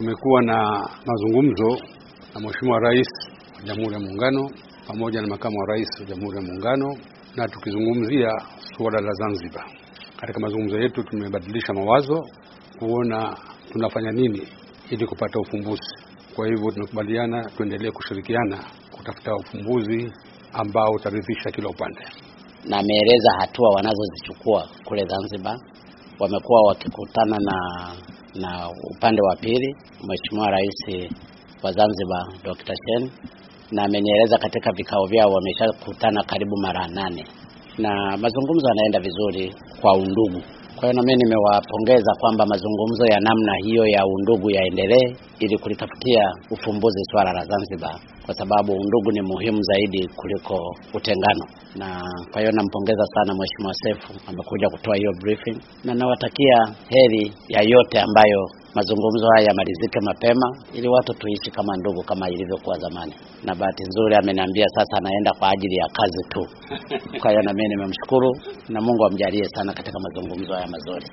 Tumekuwa na mazungumzo na Mheshimiwa Rais wa Jamhuri ya Muungano pamoja na Makamu wa Rais wa Jamhuri ya Muungano, na tukizungumzia suala la Zanzibar. Katika mazungumzo yetu tumebadilisha mawazo kuona tunafanya nini ili kupata ufumbuzi. Kwa hivyo tunakubaliana tuendelee kushirikiana kutafuta ufumbuzi ambao utaridhisha kila upande, na ameeleza hatua wanazozichukua kule Zanzibar. Wamekuwa wakikutana na na upande wa pili Mheshimiwa Rais wa Zanzibar Dr. shen na amenieleza katika vikao vyao wameshakutana karibu mara nane na mazungumzo yanaenda vizuri kwa undugu. Kwa hiyo na mimi nimewapongeza kwamba mazungumzo ya namna hiyo ya undugu yaendelee ili kulitafutia ufumbuzi swala la Zanzibar, kwa sababu undugu ni muhimu zaidi kuliko utengano. Na kwa hiyo nampongeza sana Mheshimiwa Sefu amekuja kutoa hiyo briefing, na nawatakia heri ya yote ambayo mazungumzo haya yamalizike mapema ili watu tuishi kama ndugu kama ilivyokuwa zamani. Na bahati nzuri ameniambia sasa anaenda kwa ajili ya kazi tu. Kwa hiyo na mimi nimemshukuru, na Mungu amjalie sana katika mazungumzo haya mazuri.